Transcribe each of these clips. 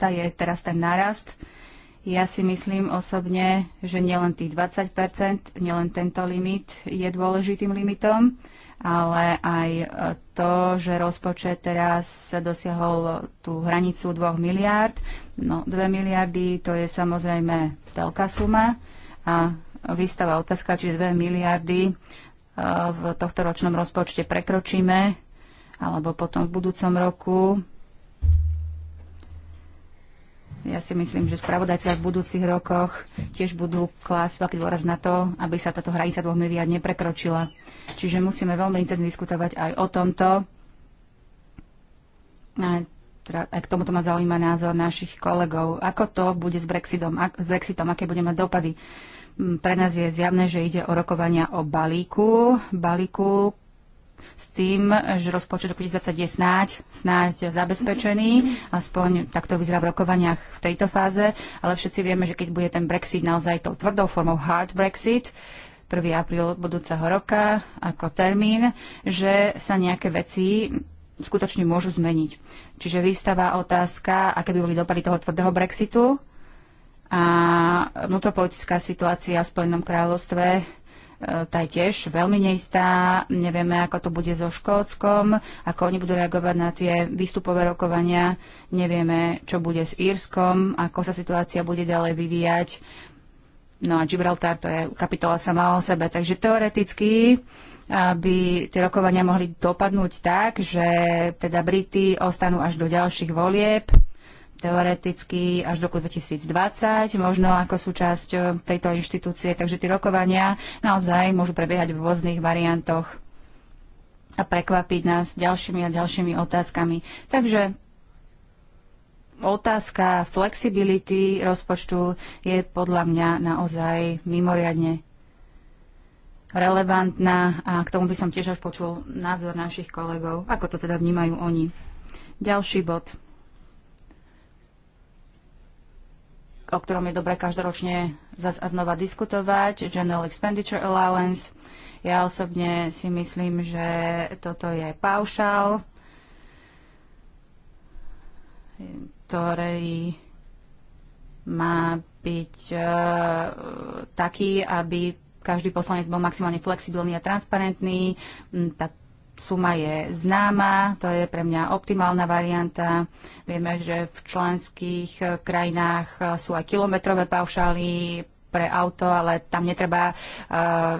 je teraz ten nárast. Ja si myslím osobne, že nielen tých 20 nielen tento limit je dôležitým limitom, ale aj to, že rozpočet teraz dosiahol tú hranicu 2 miliárd. No, 2 miliardy to je samozrejme veľká suma a vystáva otázka, či 2 miliardy e, v tohto ročnom rozpočte prekročíme, alebo potom v budúcom roku ja si myslím, že spravodajcia v budúcich rokoch tiež budú klásť veľký dôraz na to, aby sa táto hranica dvoch miliard neprekročila. Čiže musíme veľmi intenzívne diskutovať aj o tomto. A teda aj k tomuto ma zaujíma názor našich kolegov. Ako to bude s Brexitom, ak, s Brexitom aké bude mať dopady? Mm, pre nás je zjavné, že ide o rokovania o balíku, balíku, s tým, že rozpočet roku 2020 je snáď, snáď zabezpečený, aspoň takto vyzerá v rokovaniach v tejto fáze, ale všetci vieme, že keď bude ten Brexit naozaj tou tvrdou formou hard Brexit, 1. apríl budúceho roka ako termín, že sa nejaké veci skutočne môžu zmeniť. Čiže vystáva otázka, aké by boli dopady toho tvrdého Brexitu a vnútropolitická situácia v Spojenom kráľovstve tá je tiež veľmi neistá, nevieme, ako to bude so Škótskom, ako oni budú reagovať na tie výstupové rokovania, nevieme, čo bude s Írskom, ako sa situácia bude ďalej vyvíjať. No a Gibraltar to je kapitola sama o sebe, takže teoreticky aby tie rokovania mohli dopadnúť tak, že teda Brity ostanú až do ďalších volieb, teoreticky až do roku 2020, možno ako súčasť e, tejto inštitúcie. Takže tie rokovania naozaj môžu prebiehať v rôznych variantoch a prekvapiť nás ďalšími a ďalšími otázkami. Takže otázka flexibility rozpočtu je podľa mňa naozaj mimoriadne relevantná a k tomu by som tiež až počul názor našich kolegov, ako to teda vnímajú oni. Ďalší bod. o ktorom je dobré každoročne zase a znova diskutovať, General Expenditure Allowance. Ja osobne si myslím, že toto je paušal, ktorý má byť uh, taký, aby každý poslanec bol maximálne flexibilný a transparentný. Mm, tá Suma je známa, to je pre mňa optimálna varianta. Vieme, že v členských eh, krajinách eh, sú aj kilometrové paušály pre auto, ale tam netreba uh,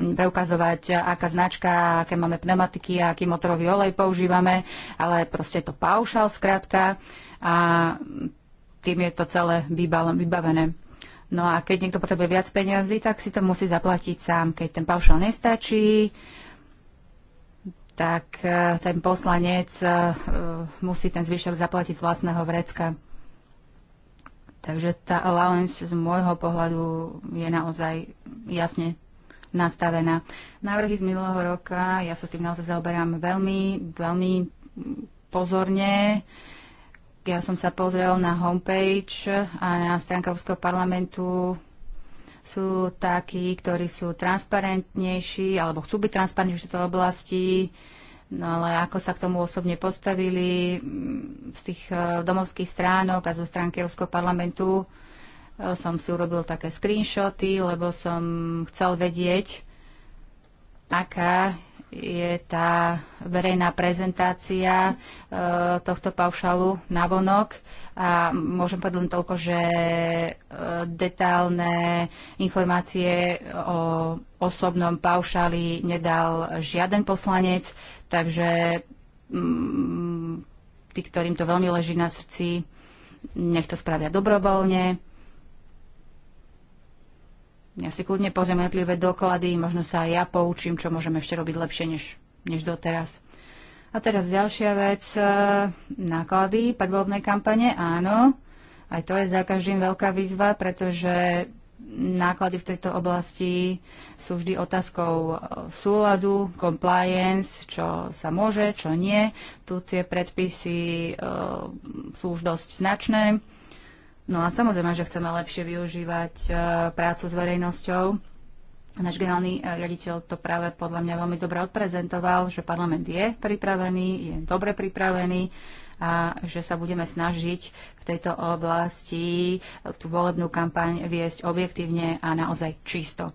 preukazovať, aká značka, aké máme pneumatiky, aký motorový olej používame, ale proste to paušal zkrátka a tým je to celé vybavené. No a keď niekto potrebuje viac peniazy, tak si to musí zaplatiť sám. Keď ten paušal nestačí, uh, tak e, ten poslanec e, e, musí ten zvyšok zaplatiť z vlastného vrecka. Takže tá allowance z môjho pohľadu je naozaj jasne nastavená. Návrhy z minulého roka, ja sa tým naozaj zaoberám veľmi, veľmi pozorne. Ja som sa pozrel na homepage a na stránke Európskeho parlamentu sú takí, ktorí sú transparentnejší alebo chcú byť transparentnejší v tejto oblasti, no ale ako sa k tomu osobne postavili mm, z tých e, domovských stránok a zo stránky Európskeho parlamentu, e, som si urobil také screenshoty, lebo som chcel vedieť, aká je tá verejná prezentácia e, tohto paušalu na vonok a môžem povedať len toľko, že e, detálne informácie o osobnom paušali nedal žiaden poslanec, takže mm, tí, ktorým to veľmi leží na srdci, nech to spravia dobrovoľne ja si kľudne pozriem jednotlivé doklady, možno sa aj ja poučím, čo môžeme ešte robiť lepšie než, než doteraz. A teraz ďalšia vec, e, náklady predvoľobnej kampane, áno. Aj to je za každým veľká výzva, pretože náklady v tejto oblasti sú vždy otázkou e, súladu, compliance, čo sa môže, čo nie. Tu tie predpisy e, sú už dosť značné. No a samozrejme, že chceme lepšie využívať e, prácu s verejnosťou. Náš generálny e, riaditeľ to práve podľa mňa veľmi dobre odprezentoval, že parlament je pripravený, je dobre pripravený a že sa budeme snažiť v tejto oblasti e, tú volebnú kampaň viesť objektívne a naozaj čisto.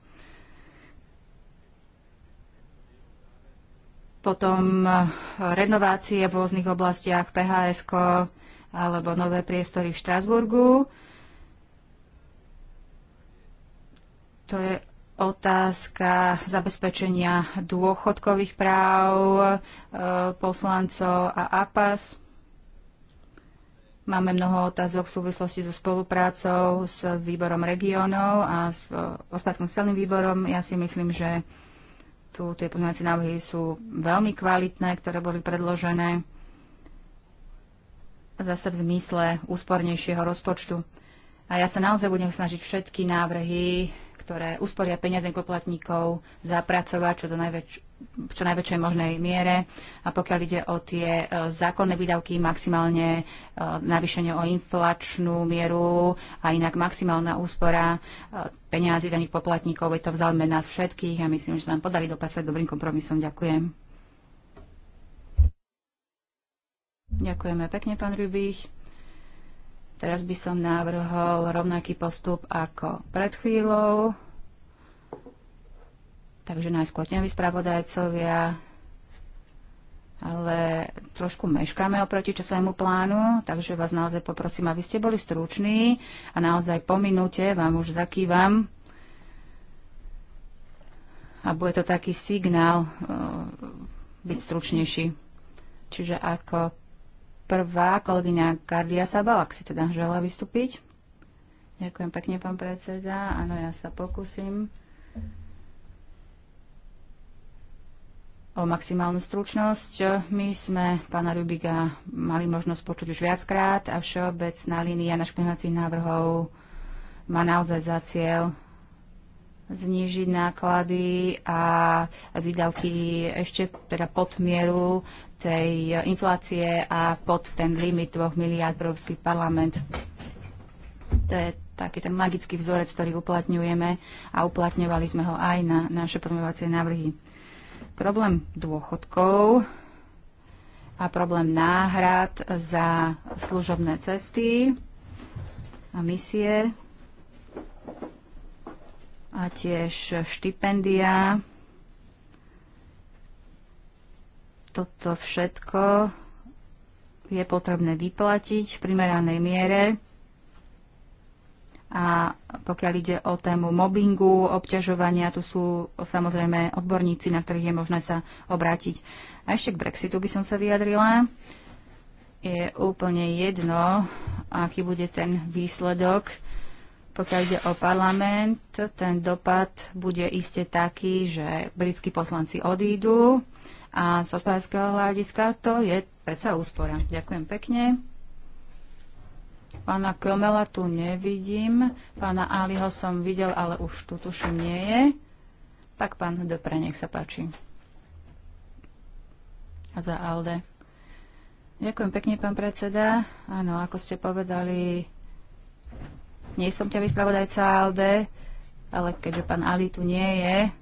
Potom renovácie v rôznych oblastiach, PHS, -ko alebo nové priestory v Štrasburgu. To je otázka zabezpečenia dôchodkových práv e, poslancov a APAS. Máme mnoho otázok v súvislosti so spoluprácou s výborom regiónov a s e, hospodárským celým výborom. Ja si myslím, že tu tie pozmeňovacie návrhy sú veľmi kvalitné, ktoré boli predložené zase v zmysle úspornejšieho rozpočtu. A ja sa naozaj budem snažiť všetky návrhy, ktoré usporia peniaze poplatníkov, zapracovať čo do najväč- v čo najväčšej možnej miere. A pokiaľ ide o tie e, zákonné výdavky, maximálne e, navýšenie o inflačnú mieru a inak maximálna úspora e, peniazy daných poplatníkov, je to v nás všetkých a myslím, že sa nám podarí dopracovať dobrým kompromisom. Ďakujem. Ďakujeme pekne, pán Rybích. Teraz by som navrhol rovnaký postup ako pred chvíľou. Takže najskôr vy spravodajcovia, ale trošku meškáme oproti časovému plánu, takže vás naozaj poprosím, aby ste boli struční a naozaj po minúte vám už zakývam a bude to taký signál eh, byť stručnejší. Čiže ako Prvá kolegyňa Kardia Sabal, ak si teda želá vystúpiť. Ďakujem pekne, pán predseda. Áno, ja sa pokúsim o maximálnu stručnosť. My sme pána Rubiga mali možnosť počuť už viackrát a všeobecná línia našich návrhov má naozaj za cieľ znižiť náklady a výdavky ešte teda pod mieru tej inflácie a pod ten limit 2 miliard pre Európsky parlament. To je taký ten magický vzorec, ktorý uplatňujeme a uplatňovali sme ho aj na naše pozmeňovacie návrhy. Problém dôchodkov a problém náhrad za služobné cesty a misie a tiež štipendia. Toto všetko je potrebné vyplatiť v primeranej miere. A pokiaľ ide o tému mobbingu, obťažovania, tu sú samozrejme odborníci, na ktorých je možné sa obrátiť. A ešte k Brexitu by som sa vyjadrila. Je úplne jedno, aký bude ten výsledok pokiaľ ide o parlament, ten dopad bude iste taký, že britskí poslanci odídu a z hospodárskeho hľadiska to je predsa úspora. Ďakujem pekne. Pána Kromela tu nevidím, pána Aliho som videl, ale už tu tuším nie je. Tak pán Dopre, nech sa páči. A za Alde. Ďakujem pekne, pán predseda. Áno, ako ste povedali, nie som ťa vyspravodajca ALD, ale keďže pán Ali tu nie je,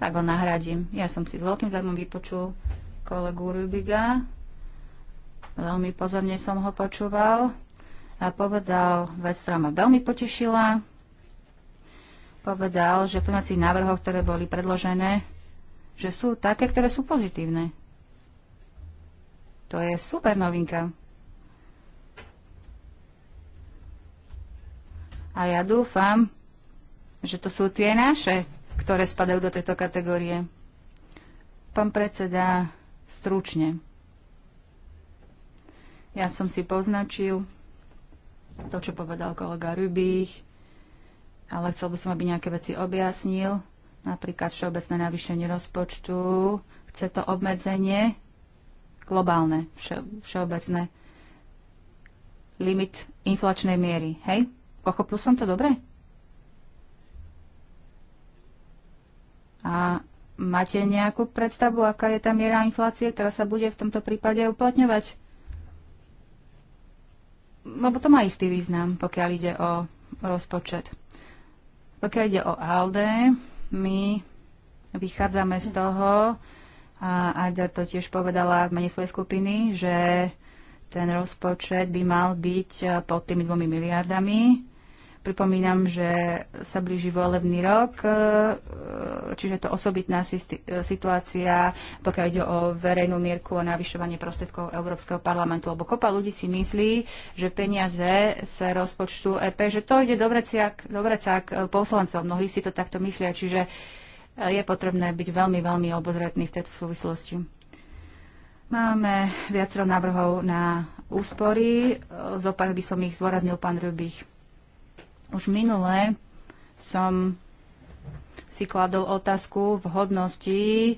tak ho nahradím. Ja som si s veľkým zájmom vypočul kolegu Rubiga. Veľmi pozorne som ho počúval a povedal vec, ktorá ma veľmi potešila. Povedal, že v tých návrhoch, ktoré boli predložené, že sú také, ktoré sú pozitívne. To je super novinka. A ja dúfam, že to sú tie naše, ktoré spadajú do tejto kategórie. Pán predseda, stručne. Ja som si poznačil to, čo povedal kolega Rybích, ale chcel by som, aby nejaké veci objasnil, napríklad všeobecné navýšenie rozpočtu, chce to obmedzenie globálne, vše, všeobecné limit inflačnej miery, hej? Pochopil som to dobre? A máte nejakú predstavu, aká je tá miera inflácie, ktorá sa bude v tomto prípade uplatňovať? Lebo to má istý význam, pokiaľ ide o rozpočet. Pokiaľ ide o ALDE, my vychádzame z toho, a Ajda to tiež povedala v mene svojej skupiny, že ten rozpočet by mal byť pod tými dvomi miliardami Pripomínam, že sa blíži volebný rok, e, čiže to osobitná situácia, pokiaľ ide o verejnú mierku a navyšovanie prostriedkov Európskeho parlamentu. Lebo kopa ľudí si myslí, že peniaze z rozpočtu EP, že to ide do vrecák, do e, poslancov. Mnohí si to takto myslia, čiže e, je potrebné byť veľmi, veľmi obozretný v tejto súvislosti. Máme viacero návrhov na úspory. Zopár by som ich zdôraznil, pán Rubich. Už minule som si kladol otázku vhodnosti e,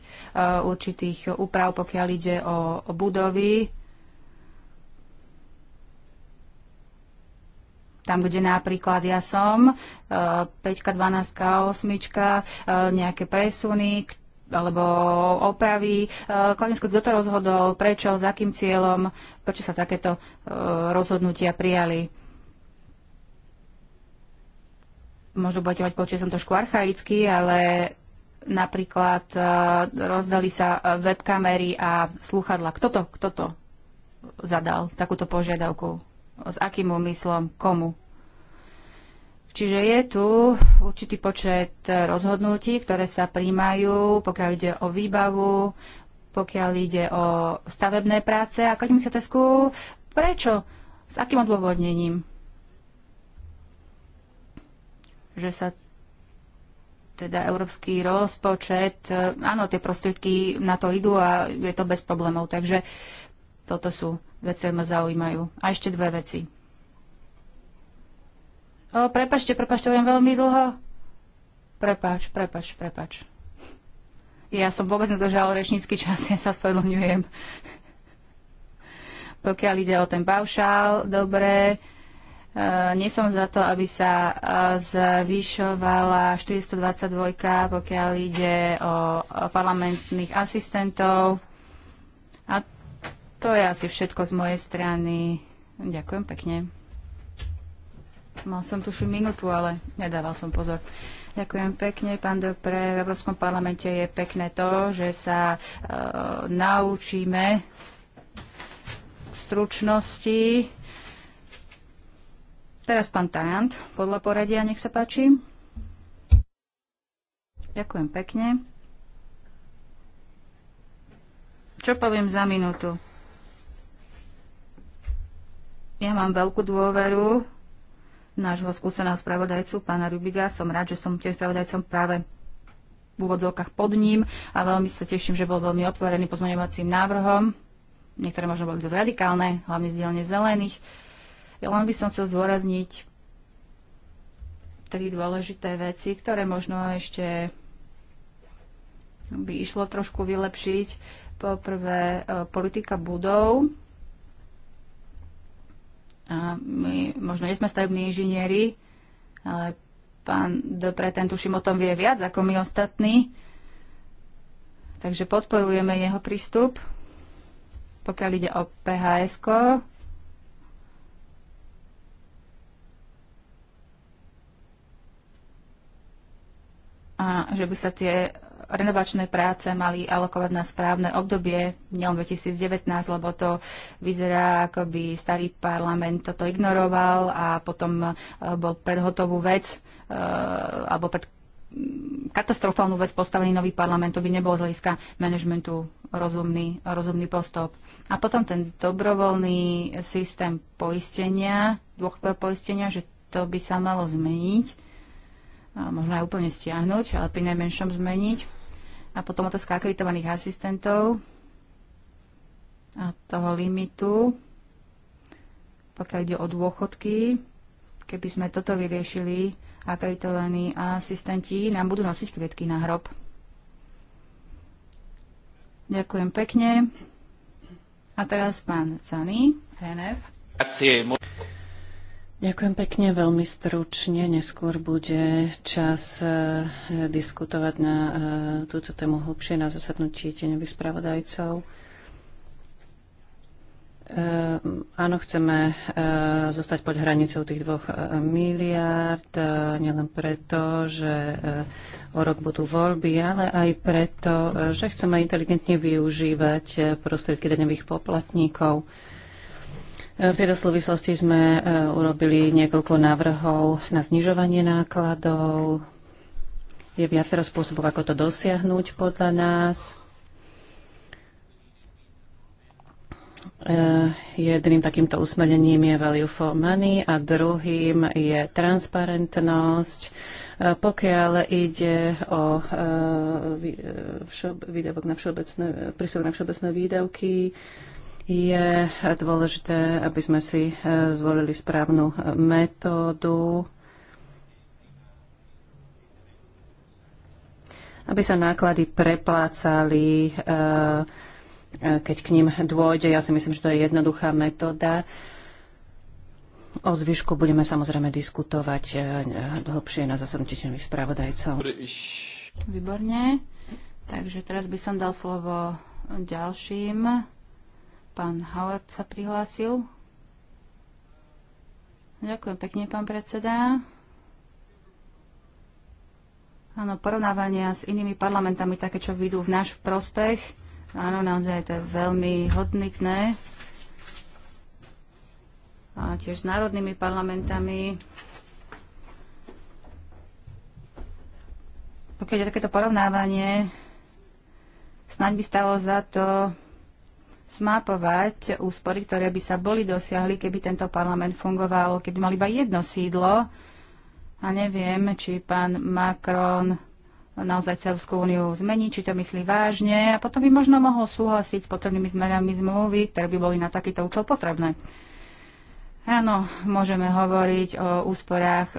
určitých úprav, pokiaľ ide o, budovy, tam, kde napríklad ja som, 5, 12, 8, nejaké presuny alebo opravy. E, Kladensko, kto to rozhodol, prečo, za akým cieľom, prečo sa takéto e, rozhodnutia prijali. možno budete mať počuť, som trošku archaický, ale napríklad e, rozdali sa e, webkamery a sluchadla. Kto to, kto to zadal takúto požiadavku? S akým úmyslom? Komu? Čiže je tu určitý počet e, rozhodnutí, ktoré sa príjmajú, pokiaľ ide o výbavu, pokiaľ ide o stavebné práce. A kladím sa tesku, prečo? S akým odôvodnením? že sa teda európsky rozpočet, e, áno, tie prostriedky na to idú a je to bez problémov. Takže toto sú veci, ktoré ma zaujímajú. A ešte dve veci. O, prepačte, prepačte, veľmi dlho. Prepač, prepač, prepač. Ja som vôbec nedržal rečnícky čas, ja sa spovedlňujem. Pokiaľ ide o ten paušál, dobre. Eh, nie som za to, aby sa eh, zvyšovala 422, pokiaľ ide o parlamentných asistentov. A to je asi všetko z mojej strany. Ďakujem pekne. Mal som tuši minútu, ale nedával som pozor. Ďakujem pekne, pán Dopre. V Európskom parlamente je pekné to, že sa e, naučíme stručnosti Teraz pán Tajant, podľa poradia, nech sa páči. Ďakujem pekne. Čo poviem za minútu? Ja mám veľkú dôveru nášho skúseného spravodajcu, pána Rubiga. Som rád, že som tiež spravodajcom práve v úvodzovkách pod ním a veľmi sa teším, že bol veľmi otvorený pozmeňovacím návrhom. Niektoré možno boli dosť radikálne, hlavne z dielne zelených. Ja len by som chcel zdôrazniť tri dôležité veci, ktoré možno ešte by išlo trošku vylepšiť. Poprvé, e, politika budov. A my možno nie sme stavební inžinieri, ale pán dobre, ten tuším o tom vie viac ako my ostatní. Takže podporujeme jeho prístup. Pokiaľ ide o PHS, -ko. a že by sa tie renovačné práce mali alokovať na správne obdobie, nielen 2019, lebo to vyzerá, ako by starý parlament toto ignoroval a potom e, bol predhotovú vec e, alebo pred mm, katastrofálnu vec postavený nový parlament, to by nebol z hľadiska manažmentu rozumný, rozumný postup. A potom ten dobrovoľný systém poistenia, dôchodkového poistenia, že to by sa malo zmeniť a možno aj úplne stiahnuť, ale pri najmenšom zmeniť. A potom otázka akreditovaných asistentov a toho limitu, pokiaľ ide o dôchodky, keby sme toto vyriešili, akreditovaní asistenti nám budú nosiť kvietky na hrob. Ďakujem pekne. A teraz pán Cany, NF. Ďakujem pekne, veľmi stručne. Neskôr bude čas e, diskutovať na e, túto tému hlubšie na zasadnutí tieňových spravodajcov. E, áno, chceme zostať pod hranicou tých dvoch miliárd, nielen preto, že o rok budú voľby, ale aj preto, že chceme inteligentne využívať prostriedky daňových poplatníkov. V tejto súvislosti sme e, urobili niekoľko návrhov na znižovanie nákladov. Je viacero spôsobov, ako to dosiahnuť podľa nás. E, jedným takýmto usmernením je value for money a druhým je transparentnosť. E, pokiaľ ide o výdavok na všeobecné, príspevok na všeobecné výdavky, je dôležité, aby sme si e, zvolili správnu e, metódu, aby sa náklady preplácali, e, keď k ním dôjde. Ja si myslím, že to je jednoduchá metóda. O zvyšku budeme samozrejme diskutovať dlhšie na zasadnutí spravodajcov. Výborne. Takže teraz by som dal slovo ďalším Pán Halard sa prihlásil. Ďakujem pekne, pán predseda. Áno, porovnávania s inými parlamentami, také, čo vidú v náš prospech. Áno, naozaj to je veľmi hodnikné. A tiež s národnými parlamentami. Pokiaľ je takéto porovnávanie, snáď by stalo za to smapovať úspory, ktoré by sa boli dosiahli, keby tento parlament fungoval, keby mal iba jedno sídlo. A neviem, či pán Macron naozaj Cervskú úniu zmení, či to myslí vážne a potom by možno mohol súhlasiť s potrebnými zmenami zmluvy, ktoré by boli na takýto účel potrebné. Áno, môžeme hovoriť o úsporách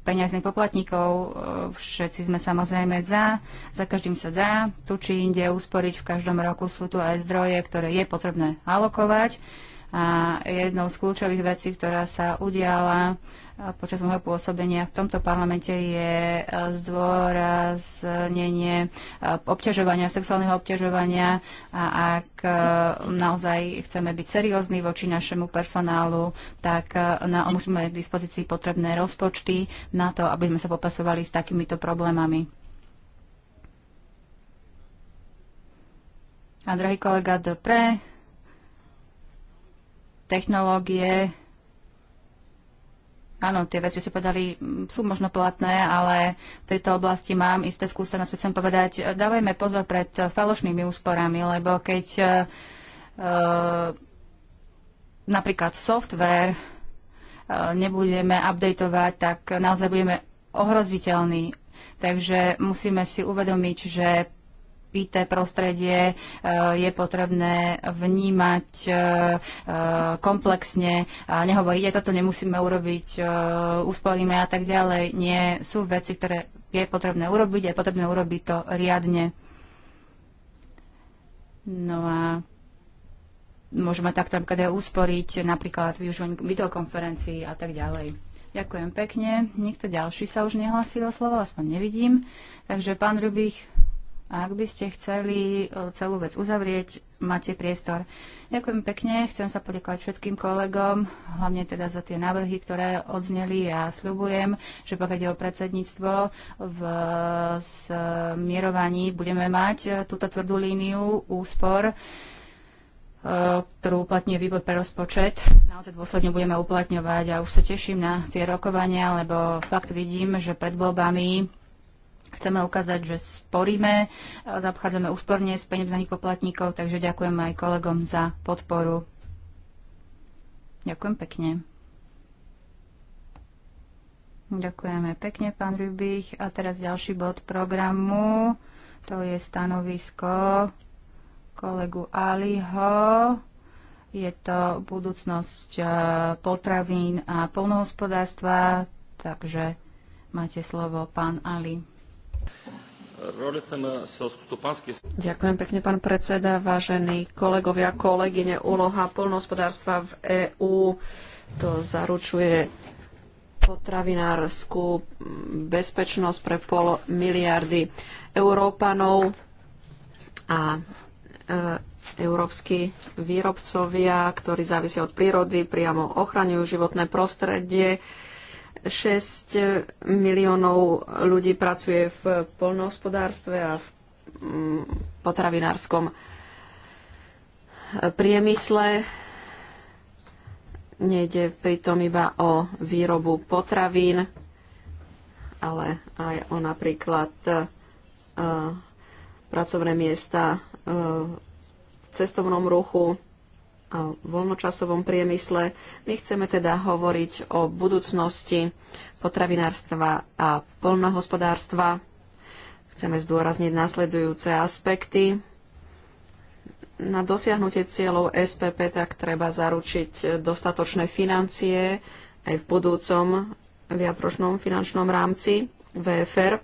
Peniazných poplatníkov. E, všetci sme samozrejme za, za každým sa dá. Tu či inde usporiť v každom roku sú tu aj zdroje, ktoré je potrebné alokovať. A jednou z kľúčových vecí, ktorá sa udiala počas môjho pôsobenia v tomto parlamente je e, zdôraznenie e, obťažovania, sexuálneho obťažovania a ak e, naozaj chceme byť seriózni voči našemu personálu, tak na, musíme mať k dispozícii potrebné rozpočty na to, aby sme sa popasovali s takýmito problémami. A drahý kolega Dopre, technológie Áno, tie veci, čo ste povedali, mm, sú možno platné, ale v tejto oblasti mám isté skúsenosti. Chcem povedať, e, dávajme pozor pred e, falošnými úsporami, lebo keď uh, napríklad software uh, nebudeme updateovať, tak naozaj budeme ohroziteľní. Takže musíme si uvedomiť, že IT prostredie e, je potrebné vnímať e, e, komplexne a nehovoriť, aj toto nemusíme urobiť, usporíme a tak ďalej. Nie, sú veci, ktoré je potrebné urobiť je potrebné urobiť to riadne. No a môžeme takto napríklad aj usporiť napríklad využívanie videokonferencií a tak ďalej. Ďakujem pekne. Nikto ďalší sa už nehlasí o slovo, aspoň nevidím. Takže pán Rubich, a ak by ste chceli e, celú vec uzavrieť, máte priestor. Ďakujem pekne, chcem sa poďakovať všetkým kolegom, hlavne teda za tie návrhy, ktoré odzneli a ja sľubujem, že pokiaľ ide o predsedníctvo v smierovaní, budeme mať e, túto tvrdú líniu úspor e, ktorú uplatňuje výbor pre rozpočet. Naozaj dôsledne budeme uplatňovať a už sa teším na tie rokovania, lebo fakt vidím, že pred voľbami chceme ukázať, že sporíme, zapchádzame úsporne z peniazmi poplatníkov, takže ďakujem aj kolegom za podporu. Ďakujem pekne. Ďakujeme pekne, pán Rybich. A teraz ďalší bod programu. To je stanovisko kolegu Aliho. Je to budúcnosť e, potravín a polnohospodárstva. Takže máte slovo, pán Ali. Ďakujem pekne, pán predseda, vážení kolegovia, kolegyne. Úloha polnohospodárstva v EÚ to zaručuje potravinárskú bezpečnosť pre pol miliardy Európanov a e, európsky výrobcovia, ktorí závisia od prírody, priamo ochraňujú životné prostredie. E, 6 miliónov ľudí pracuje v polnohospodárstve a v mm, potravinárskom priemysle. Nejde pritom iba o výrobu potravín, ale aj o napríklad e, pracovné miesta e, v cestovnom ruchu, a voľnočasovom priemysle. My chceme teda hovoriť o budúcnosti potravinárstva a polnohospodárstva. Chceme zdôrazniť následujúce aspekty. Na dosiahnutie cieľov SPP tak treba zaručiť dostatočné financie aj v budúcom viacročnom finančnom rámci VFR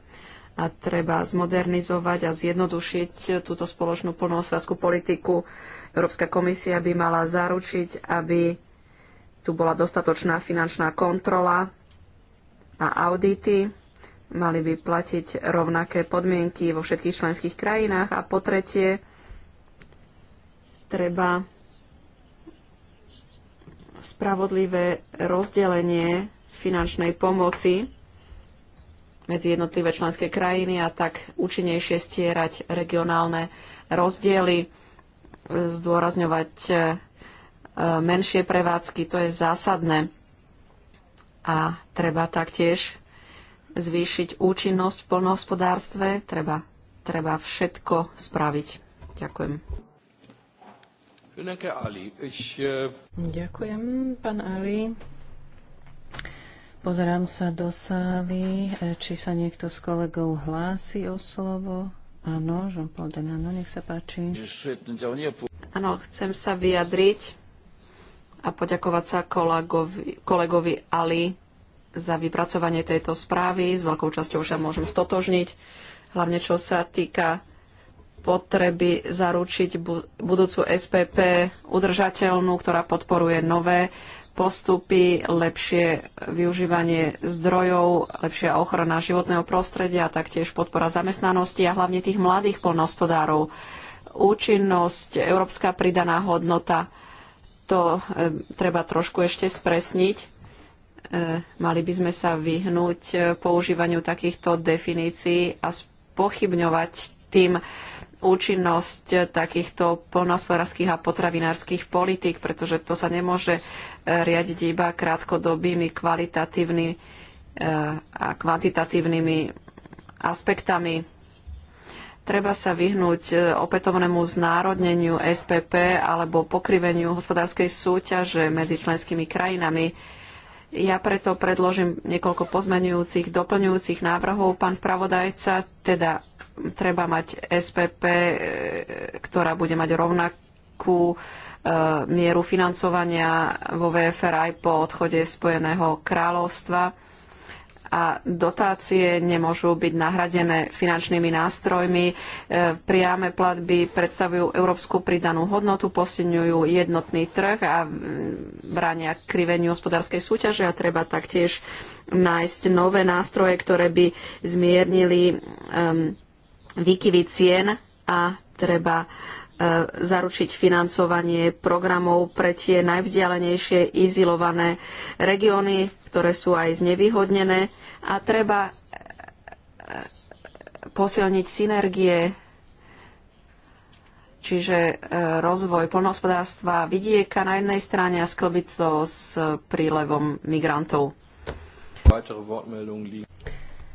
a treba zmodernizovať a zjednodušiť túto spoločnú polnohospodárskú politiku Európska komisia by mala zaručiť, aby tu bola dostatočná finančná kontrola a audity. Mali by platiť rovnaké podmienky vo všetkých členských krajinách. A po tretie, treba spravodlivé rozdelenie finančnej pomoci medzi jednotlivé členské krajiny a tak účinnejšie stierať regionálne rozdiely zdôrazňovať e, menšie prevádzky, to je zásadné. A treba taktiež zvýšiť účinnosť v polnohospodárstve, treba, treba všetko spraviť. Ďakujem. Äh, Ďakujem, pán Ali. Pozerám sa do sály, e, či sa niekto z kolegov hlási o slovo. Áno, Jean-Paul Denano, nech sa páči. Áno, chcem sa vyjadriť a poďakovať sa kolegovi, kolegovi Ali za vypracovanie tejto správy. S veľkou časťou sa môžem stotožniť, hlavne čo sa týka potreby zaručiť budúcu SPP udržateľnú, ktorá podporuje nové postupy, lepšie využívanie zdrojov, lepšia ochrana životného prostredia, taktiež podpora zamestnanosti a hlavne tých mladých polnohospodárov. Účinnosť, európska pridaná hodnota, to e, treba trošku ešte spresniť. E, mali by sme sa vyhnúť e, používaniu takýchto definícií a spochybňovať tým účinnosť takýchto poľnohospodárskych a potravinárskych politík, pretože to sa nemôže e, riadiť iba krátkodobými kvalitatívnymi e, a kvantitatívnymi aspektami. Treba sa vyhnúť e, opätovnému znárodneniu SPP alebo pokriveniu hospodárskej súťaže medzi členskými krajinami ja preto predložím niekoľko pozmenujúcich, doplňujúcich návrhov. Pán spravodajca, teda treba mať SPP, e, ktorá bude mať rovnakú e, mieru financovania vo VFR aj po odchode Spojeného kráľovstva a dotácie nemôžu byť nahradené finančnými nástrojmi. E, priame platby predstavujú európsku pridanú hodnotu, posilňujú jednotný trh a bránia kriveniu hospodárskej súťaže a treba taktiež nájsť nové nástroje, ktoré by zmiernili um, výkyvy cien a treba zaručiť financovanie programov pre tie najvzdialenejšie izolované regióny, ktoré sú aj znevýhodnené a treba e, posilniť synergie, čiže e, rozvoj poľnohospodárstva vidieka na jednej strane a sklbiť to s prílevom migrantov.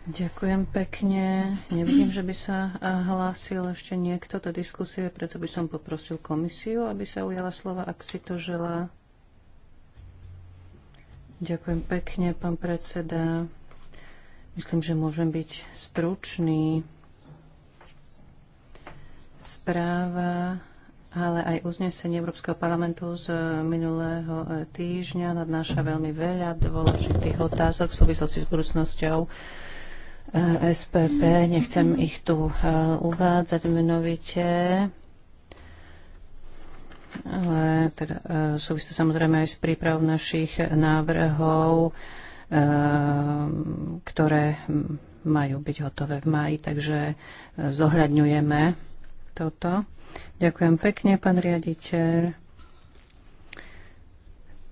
Ďakujem pekne. Nevidím, že by sa eh, hlásil ešte niekto do diskusie, preto by som poprosil komisiu, aby sa ujala slova, ak si to želá. Ďakujem pekne, pán predseda. Myslím, že môžem byť stručný. Správa, ale aj uznesenie Európskeho parlamentu z minulého eh, týždňa nadnáša veľmi veľa dôležitých otázok v súvislosti s budúcnosťou SPP. Nechcem ich tu eh, uvádzať menovite. Ale teda, eh, súvisí to samozrejme aj s príprav našich návrhov, eh, ktoré majú byť hotové v maji, takže zohľadňujeme toto. Ďakujem pekne, pán riaditeľ.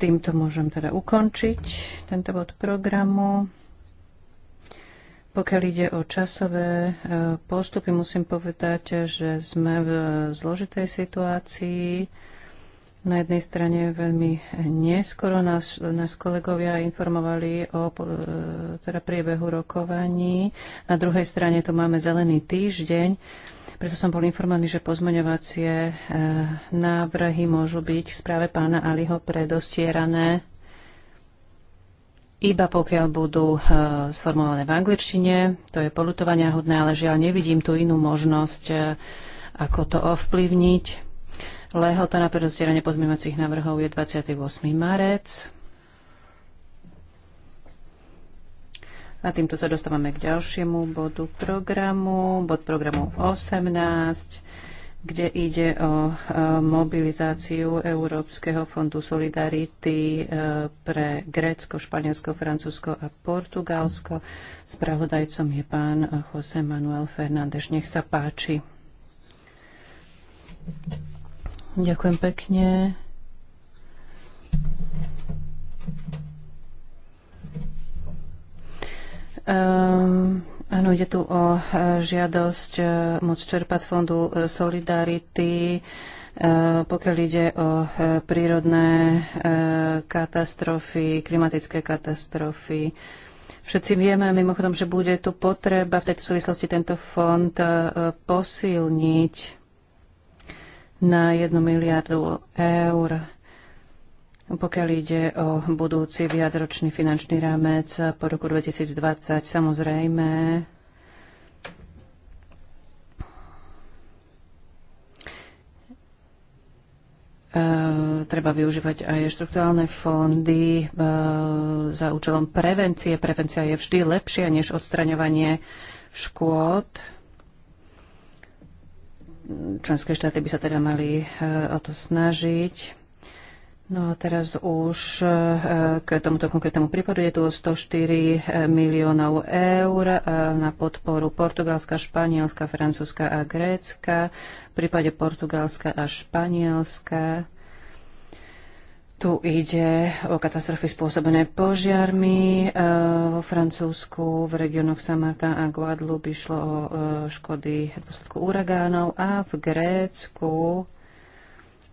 Týmto môžem teda ukončiť tento bod programu. Pokiaľ ide o časové e, postupy, musím povedať, že sme v zložitej situácii. Na jednej strane veľmi neskoro nás, nás kolegovia informovali o e, teda priebehu rokovaní. Na druhej strane tu máme zelený týždeň, preto som bol informovaný, že pozmeňovacie e, návrhy môžu byť v správe pána Aliho predostierané iba pokiaľ budú e, sformulované v angličtine. To je polutovania hodné, ale žiaľ nevidím tu inú možnosť, e, ako to ovplyvniť. Lehota na predostieranie pozmývacích návrhov je 28. marec. A týmto sa dostávame k ďalšiemu bodu programu, bod programu 18 kde ide o mobilizáciu Európskeho fondu solidarity e, pre Grécko, Španielsko, Francúzsko a Portugalsko. Spravodajcom je pán José Manuel Fernández. Nech sa páči. Ďakujem pekne. Um, Áno, ide tu o e, žiadosť e, môcť čerpať z fondu e, Solidarity, pokiaľ ide o prírodné katastrofy, klimatické katastrofy. Všetci vieme mimochodom, že bude tu potreba v tejto súvislosti tento fond posilniť na jednu miliardu eur. Pokiaľ ide o budúci viacročný finančný rámec po roku 2020, samozrejme, e, treba využívať aj štruktúrálne fondy e, za účelom prevencie. Prevencia je vždy lepšia než odstraňovanie škôd členské štáty by sa teda mali e, o to snažiť. No a teraz už e, k tomuto konkrétnemu prípadu je tu 104 miliónov eur e, na podporu Portugalska, Španielska, Francúzska a Grécka. V prípade Portugalska a Španielska tu ide o katastrofy spôsobené požiarmi e, vo Francúzsku, v regiónoch Samarta a Guadeloupe išlo o škody v dôsledku uragánov a v Grécku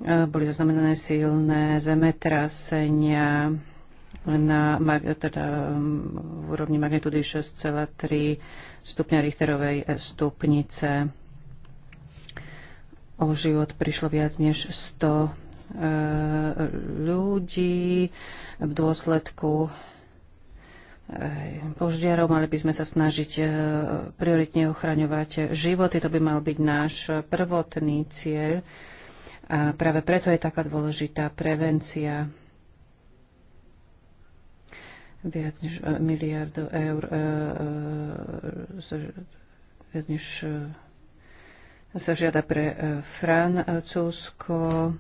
E, boli zaznamenané silné zemetrasenia na teda, v úrovni magnitúdy 6,3 stupňa Richterovej stupnice. O život prišlo viac než 100 e, ľudí v dôsledku e, požiarov, mali by sme sa snažiť prioritne ochraňovať životy. To by mal byť náš prvotný cieľ. A práve preto je taká dôležitá prevencia viac než e, miliardu eur, e, e, viac než sa žiada pre Francúzsko,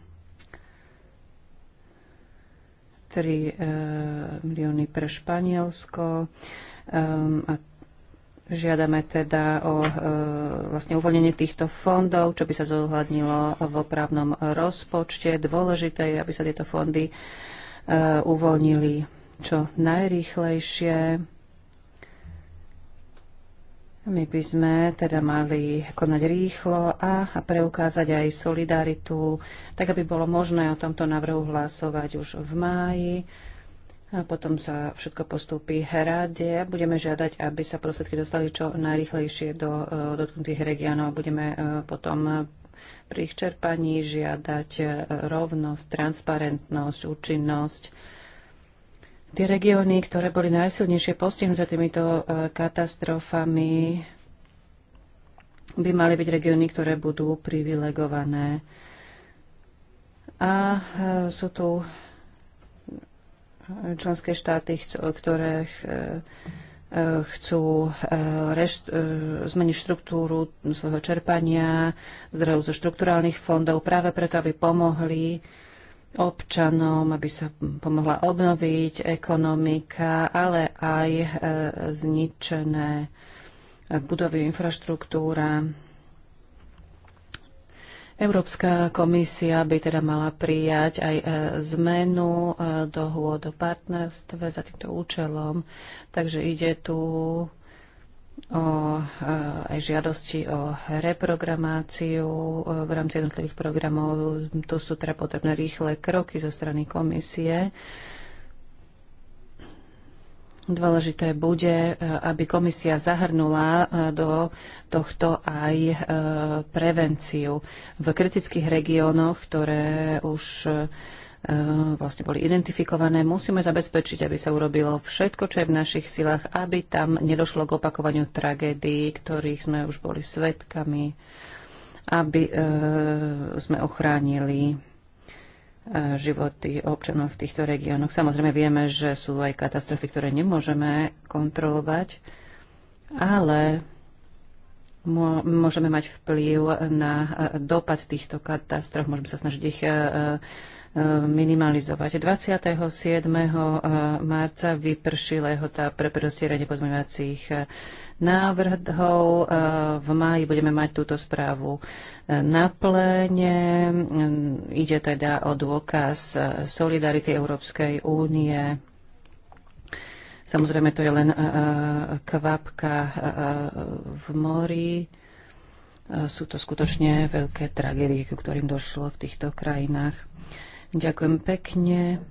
3 milióny pre Španielsko a Žiadame teda o e, vlastne uvoľnenie týchto fondov, čo by sa zohľadnilo v opravnom rozpočte. Dôležité je, aby sa tieto fondy e, uvoľnili čo najrýchlejšie. My by sme teda mali konať rýchlo a, a preukázať aj solidaritu, tak aby bolo možné o tomto návrhu hlasovať už v máji a potom sa všetko postúpi heráde. Budeme žiadať, aby sa prostriedky dostali čo najrychlejšie do e, dotknutých regiónov. Budeme e, potom pri ich čerpaní žiadať e, rovnosť, transparentnosť, účinnosť. Tie regióny, ktoré boli najsilnejšie postihnuté týmito katastrofami, by mali byť regióny, ktoré budú privilegované. A sú tu členské štáty, ktoré e, e, chcú e, zmeniť štruktúru svojho čerpania zdrojov zo štrukturálnych fondov práve preto, aby pomohli občanom, aby sa pomohla obnoviť ekonomika, ale aj zničené budovy, infraštruktúra, Európska komisia by teda mala prijať aj e, zmenu e, dohôd o partnerstve za týmto účelom. Takže ide tu o e, aj žiadosti o reprogramáciu v rámci jednotlivých programov. Tu sú teda potrebné rýchle kroky zo strany komisie Dôležité bude, e, aby komisia zahrnula e, do tohto aj e, prevenciu v kritických regiónoch, ktoré už vlastne boli identifikované. Musíme zabezpečiť, aby sa urobilo všetko, čo je v našich silách, aby tam nedošlo k opakovaniu tragédií, ktorých sme už boli svetkami, aby sme ochránili životy občanov v týchto regiónoch. Samozrejme vieme, že sú aj katastrofy, ktoré nemôžeme kontrolovať, ale môžeme mať vplyv na dopad týchto katastrof, môžeme sa snažiť ich e, minimalizovať. 27. Eh, marca vyprší lehota pre prostieranie pozmeňovacích eh, návrhov. Eh, v máji budeme mať túto správu na pléne. Mm, ide teda o dôkaz solidarity Európskej únie. Samozrejme, to je len kvapka v mori sú to skutočne veľké tragédie, ku ktorým došlo v týchto krajinách. Ďakujem pekne.